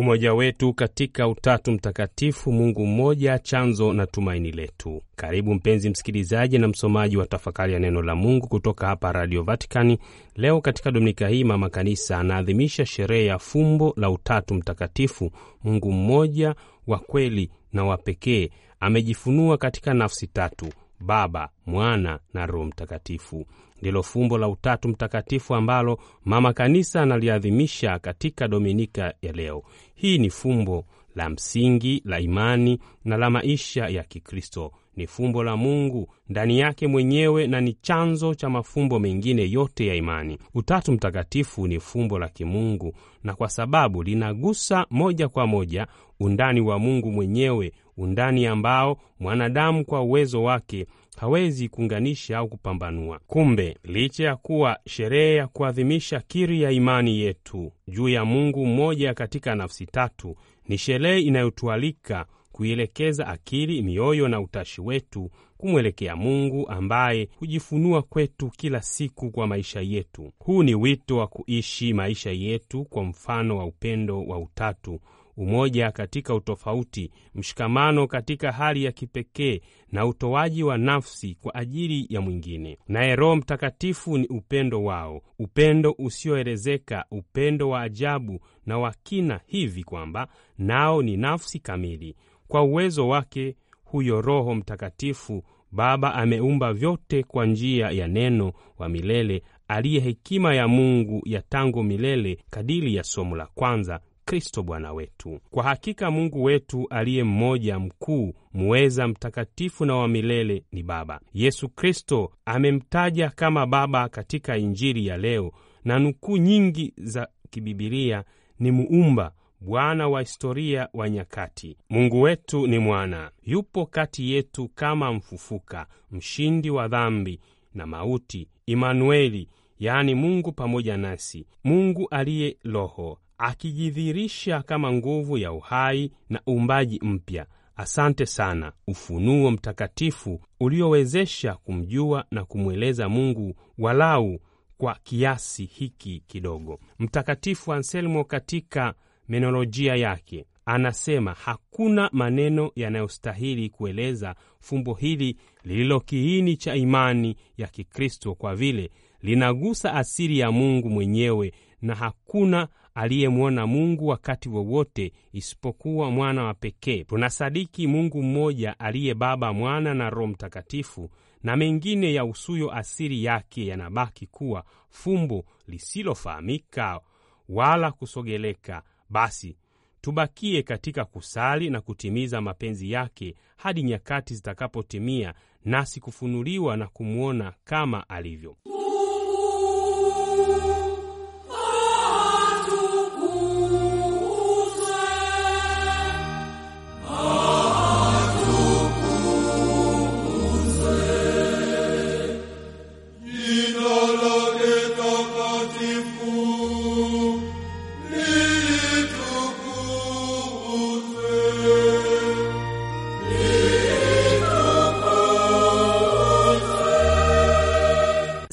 umoja wetu katika Utatu Mtakatifu, Mungu mmoja, chanzo na tumaini letu. Karibu mpenzi msikilizaji na msomaji wa tafakari ya neno la Mungu kutoka hapa Radio vaticani Leo katika dominika hii Mama Kanisa anaadhimisha sherehe ya fumbo la Utatu Mtakatifu. Mungu mmoja wa kweli na wa pekee amejifunua katika nafsi tatu: Baba, Mwana na Roho Mtakatifu ndilo fumbo la Utatu Mtakatifu ambalo Mama Kanisa analiadhimisha katika Dominika ya leo. Hii ni fumbo la msingi la imani na la maisha ya Kikristo. Ni fumbo la Mungu ndani yake mwenyewe na ni chanzo cha mafumbo mengine yote ya imani. Utatu Mtakatifu ni fumbo la kimungu, na kwa sababu linagusa moja kwa moja undani wa Mungu mwenyewe, undani ambao mwanadamu kwa uwezo wake hawezi kuunganisha au kupambanua. Kumbe licha ya kuwa sherehe ya kuadhimisha kiri ya imani yetu juu ya Mungu mmoja katika nafsi tatu, ni sherehe inayotualika kuielekeza akili, mioyo na utashi wetu kumwelekea Mungu ambaye hujifunua kwetu kila siku kwa maisha yetu. Huu ni wito wa kuishi maisha yetu kwa mfano wa upendo wa utatu umoja katika utofauti, mshikamano katika hali ya kipekee na utoaji wa nafsi kwa ajili ya mwingine. Naye Roho Mtakatifu ni upendo wao, upendo usioelezeka, upendo wa ajabu na wa kina, hivi kwamba nao ni nafsi kamili. Kwa uwezo wake huyo Roho Mtakatifu Baba ameumba vyote kwa njia ya neno wa milele aliye hekima ya Mungu ya tangu milele, kadiri ya somo la kwanza Kristo Bwana wetu. Kwa hakika Mungu wetu aliye mmoja mkuu, muweza, mtakatifu na wa milele ni Baba. Yesu Kristo amemtaja kama Baba katika Injili ya leo, na nukuu nyingi za kibibilia ni muumba Bwana wa historia wa nyakati. Mungu wetu ni mwana, yupo kati yetu kama mfufuka, mshindi wa dhambi na mauti, Imanueli, yaani Mungu pamoja nasi. Mungu aliye Roho akijidhirisha kama nguvu ya uhai na uumbaji mpya. Asante sana, ufunuo mtakatifu uliowezesha kumjua na kumweleza Mungu walau kwa kiasi hiki kidogo. Mtakatifu Anselmo katika menolojia yake anasema hakuna maneno yanayostahili kueleza fumbo hili lililo kiini cha imani ya Kikristo, kwa vile linagusa asili ya Mungu mwenyewe na hakuna aliyemwona Mungu wakati wowote isipokuwa mwana wa pekee. Tunasadiki Mungu mmoja aliye Baba, Mwana na Roho Mtakatifu, na mengine ya usuyo asili yake yanabaki kuwa fumbo lisilofahamika wala kusogeleka. Basi tubakie katika kusali na kutimiza mapenzi yake hadi nyakati zitakapotimia, nasi kufunuliwa na kumwona kama alivyo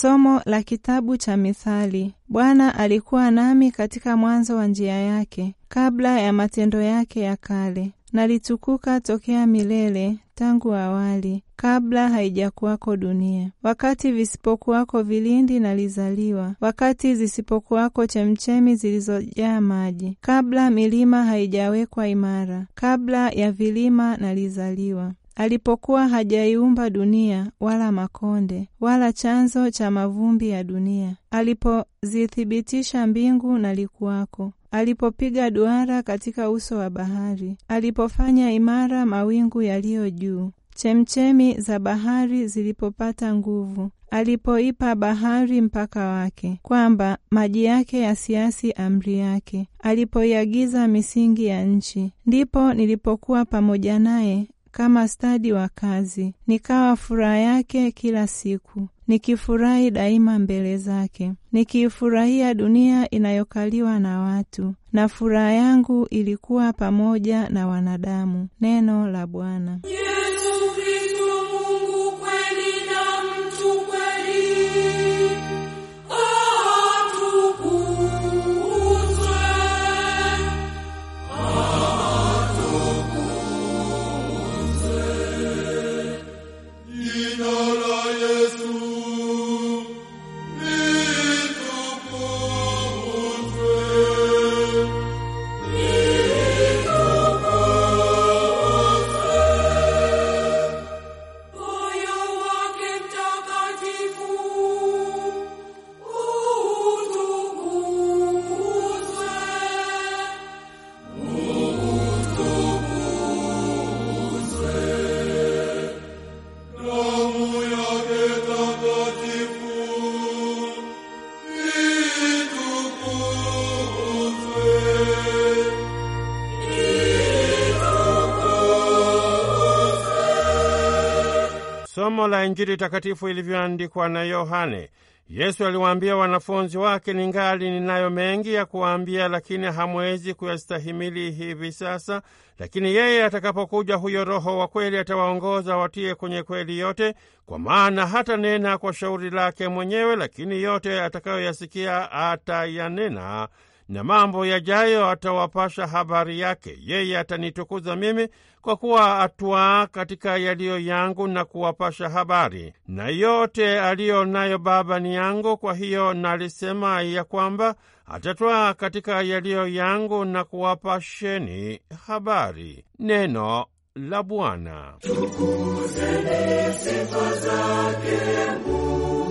Somo la kitabu cha Mithali. Bwana alikuwa nami katika mwanzo wa njia yake, kabla ya matendo yake ya kale. Nalitukuka tokea milele, tangu awali, kabla haijakuwako dunia. Wakati visipokuwako vilindi, nalizaliwa; wakati zisipokuwako chemchemi zilizojaa maji, kabla milima haijawekwa imara, kabla ya vilima, nalizaliwa alipokuwa hajaiumba dunia wala makonde wala chanzo cha mavumbi ya dunia, alipozithibitisha mbingu na likuwako, alipopiga duara katika uso wa bahari, alipofanya imara mawingu yaliyo juu, chemchemi za bahari zilipopata nguvu, alipoipa bahari mpaka wake, kwamba maji yake yasiasi amri yake, alipoiagiza misingi ya nchi. Ndipo nilipokuwa pamoja naye kama stadi wa kazi, nikawa furaha yake kila siku, nikifurahi daima mbele zake, nikiifurahia dunia inayokaliwa na watu, na furaha yangu ilikuwa pamoja na wanadamu. Neno la Bwana. Yeah. Somo la Injili takatifu ilivyoandikwa na Yohane. Yesu aliwaambia wanafunzi wake, ningali ninayo mengi ya kuwaambia, lakini hamwezi kuyastahimili hivi sasa. Lakini yeye atakapokuja, huyo Roho wa kweli, atawaongoza watie kwenye kweli yote, kwa maana hata nena kwa shauri lake mwenyewe, lakini yote atakayoyasikia atayanena, na mambo yajayo atawapasha habari yake. Yeye atanitukuza mimi, kwa kuwa atwaa katika yaliyo yangu na kuwapasha habari. Na yote aliyo nayo Baba ni yangu, kwa hiyo nalisema ya kwamba atatwaa katika yaliyo yangu na kuwapasheni habari. Neno la Bwana. Tukuzeni sifa zake Mungu.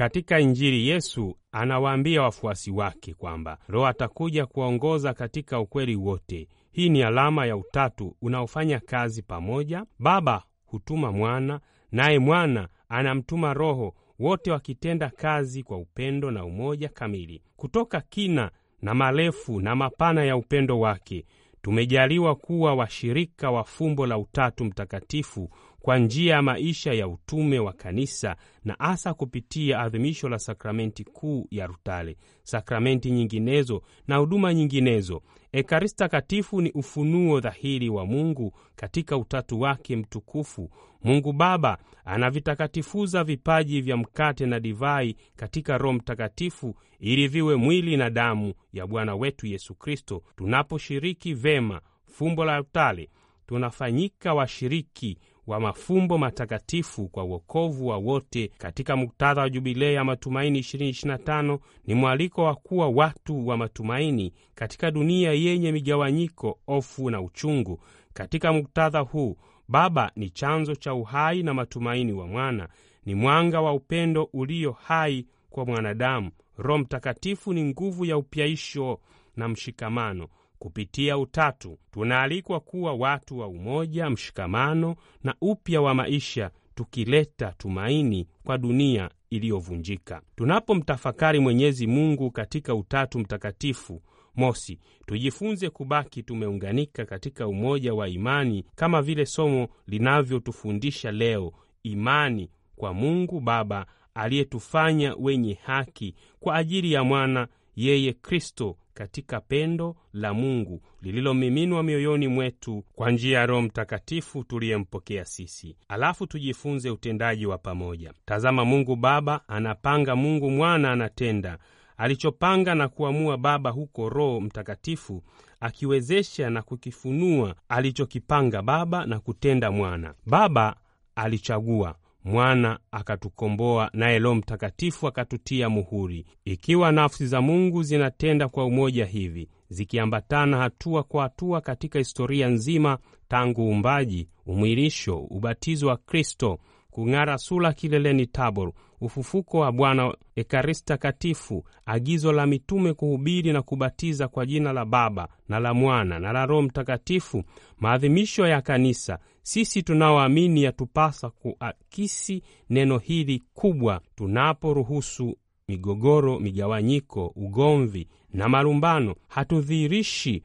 Katika Injili Yesu anawaambia wafuasi wake kwamba Roho atakuja kuwaongoza katika ukweli wote. Hii ni alama ya utatu unaofanya kazi pamoja. Baba hutuma Mwana, naye Mwana anamtuma Roho, wote wakitenda kazi kwa upendo na umoja kamili. Kutoka kina na marefu na mapana ya upendo wake, tumejaliwa kuwa washirika wa fumbo la Utatu Mtakatifu kwa njia ya maisha ya utume wa kanisa na hasa kupitia adhimisho la sakramenti kuu ya Rutale, sakramenti nyinginezo na huduma nyinginezo. Ekaristi Takatifu ni ufunuo dhahiri wa Mungu katika utatu wake mtukufu. Mungu Baba anavitakatifuza vipaji vya mkate na divai katika Roho Mtakatifu ili viwe mwili na damu ya Bwana wetu Yesu Kristo. Tunaposhiriki vema fumbo la Rutale, tunafanyika washiriki wa mafumbo matakatifu kwa uokovu wa wote katika muktadha wa Jubilei ya Matumaini 2025 ni mwaliko wa kuwa watu wa matumaini katika dunia yenye migawanyiko, ofu na uchungu. Katika muktadha huu, Baba ni chanzo cha uhai na matumaini wa Mwana ni mwanga wa upendo ulio hai kwa mwanadamu. Roho Mtakatifu ni nguvu ya upyaisho na mshikamano. Kupitia utatu tunaalikwa kuwa watu wa umoja, mshikamano na upya wa maisha, tukileta tumaini kwa dunia iliyovunjika. Tunapomtafakari Mwenyezi Mungu katika utatu mtakatifu, mosi, tujifunze kubaki tumeunganika katika umoja wa imani, kama vile somo linavyotufundisha leo, imani kwa Mungu Baba aliyetufanya wenye haki kwa ajili ya mwana yeye Kristo katika pendo la Mungu lililomiminwa mioyoni mwetu kwa njia ya Roho Mtakatifu tuliyempokea sisi. Alafu tujifunze utendaji wa pamoja. Tazama, Mungu Baba anapanga, Mungu Mwana anatenda alichopanga na kuamua Baba huko Roho Mtakatifu akiwezesha na kukifunua alichokipanga Baba na kutenda Mwana. Baba alichagua mwana akatukomboa, naye Roho Mtakatifu akatutia muhuri. Ikiwa nafsi za Mungu zinatenda kwa umoja hivi, zikiambatana hatua kwa hatua katika historia nzima, tangu uumbaji, umwilisho, ubatizo wa Kristo, kung'ara sura kileleni Tabor, ufufuko wa Bwana, Ekaristi Takatifu, agizo la mitume kuhubiri na kubatiza kwa jina la Baba na la Mwana na la Roho Mtakatifu, maadhimisho ya Kanisa. Sisi tunaoamini yatupasa kuakisi neno hili kubwa tunaporuhusu migogoro, migawanyiko, ugomvi na malumbano. Hatudhihirishi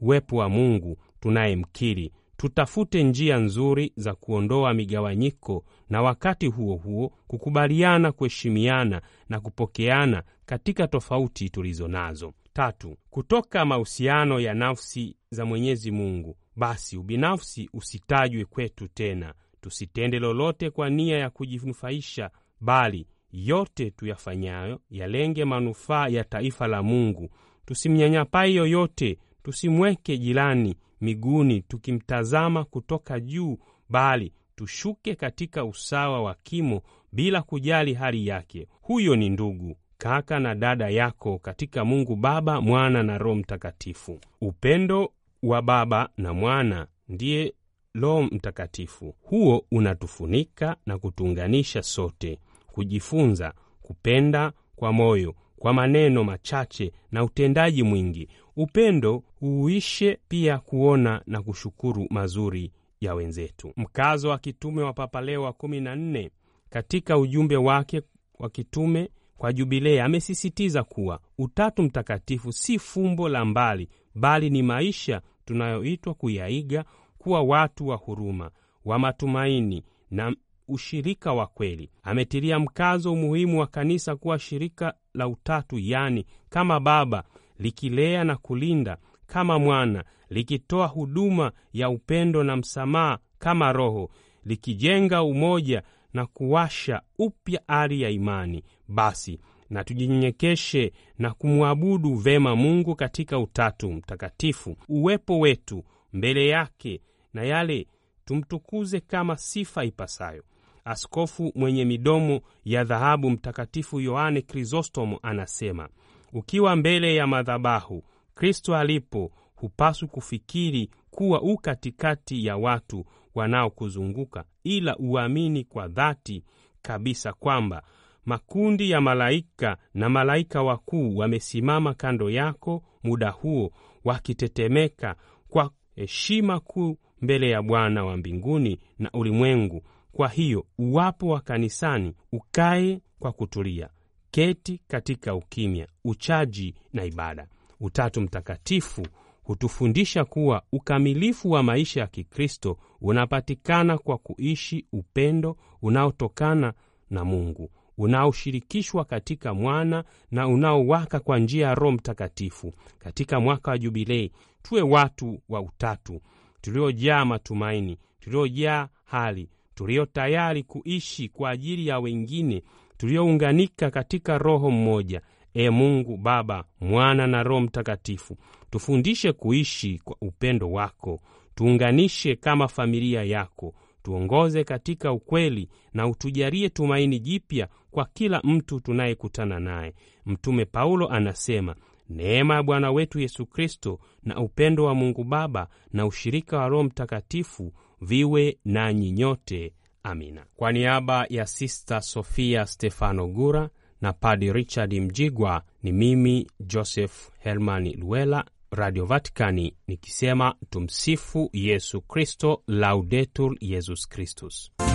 uwepo wa Mungu tunayemkiri. Tutafute njia nzuri za kuondoa migawanyiko na wakati huo huo kukubaliana, kuheshimiana na kupokeana katika tofauti tulizo nazo. Tatu, kutoka mahusiano ya nafsi za Mwenyezi Mungu, basi ubinafsi usitajwe kwetu tena, tusitende lolote kwa nia ya kujinufaisha, bali yote tuyafanyayo yalenge manufaa ya taifa la Mungu. Tusimnyanyapai yoyote, tusimweke jirani miguni tukimtazama kutoka juu, bali tushuke katika usawa wa kimo bila kujali hali yake. Huyo ni ndugu, kaka na dada yako katika Mungu Baba, Mwana na Roho Mtakatifu. Upendo wa Baba na Mwana ndiye Roho Mtakatifu. Huo unatufunika na kutuunganisha sote, kujifunza kupenda kwa moyo, kwa maneno machache na utendaji mwingi. Upendo huuishe pia kuona na kushukuru mazuri ya wenzetu. Mkazo wa kitume wa Papa Leo wa kumi na nne katika ujumbe wake wa kitume kwa Jubilei amesisitiza kuwa Utatu Mtakatifu si fumbo la mbali, bali ni maisha tunayoitwa kuyaiga, kuwa watu wa huruma, wa matumaini na ushirika wa kweli. Ametilia mkazo umuhimu wa kanisa kuwa shirika la Utatu, yaani kama Baba likilea na kulinda, kama Mwana likitoa huduma ya upendo na msamaha kama Roho, likijenga umoja na kuwasha upya ari ya imani. Basi na tujinyenyekeshe na kumwabudu vema Mungu katika Utatu Mtakatifu. Uwepo wetu mbele yake na yale tumtukuze kama sifa ipasayo. Askofu mwenye midomo ya dhahabu Mtakatifu Yohane Krisostomo anasema, ukiwa mbele ya madhabahu Kristo alipo hupaswi kufikiri kuwa u katikati ya watu wanaokuzunguka, ila uamini kwa dhati kabisa kwamba makundi ya malaika na malaika wakuu wamesimama kando yako muda huo, wakitetemeka kwa heshima kuu mbele ya Bwana wa mbinguni na ulimwengu. Kwa hiyo uwapo wa kanisani, ukae kwa kutulia, keti katika ukimya, uchaji na ibada. Utatu Mtakatifu hutufundisha kuwa ukamilifu wa maisha ya Kikristo unapatikana kwa kuishi upendo unaotokana na Mungu, unaoshirikishwa katika Mwana na unaowaka kwa njia ya Roho Mtakatifu. Katika mwaka wa Jubilei tuwe watu wa Utatu tuliojaa matumaini, tuliojaa hali, tulio tayari kuishi kwa ajili ya wengine, tuliounganika katika Roho mmoja. E Mungu Baba, Mwana na Roho Mtakatifu, tufundishe kuishi kwa upendo wako, tuunganishe kama familia yako, tuongoze katika ukweli na utujalie tumaini jipya kwa kila mtu tunayekutana naye. Mtume Paulo anasema Neema ya Bwana wetu Yesu Kristo na upendo wa Mungu Baba na ushirika wa Roho Mtakatifu viwe nanyi nyote. Amina. Kwa niaba ya Sista Sofia Stefano Gura na Padi Richard Mjigwa. Ni mimi Joseph Herman Luela, Radio Vaticani, nikisema tumsifu Yesu Kristo, Laudetur Yesus Kristus.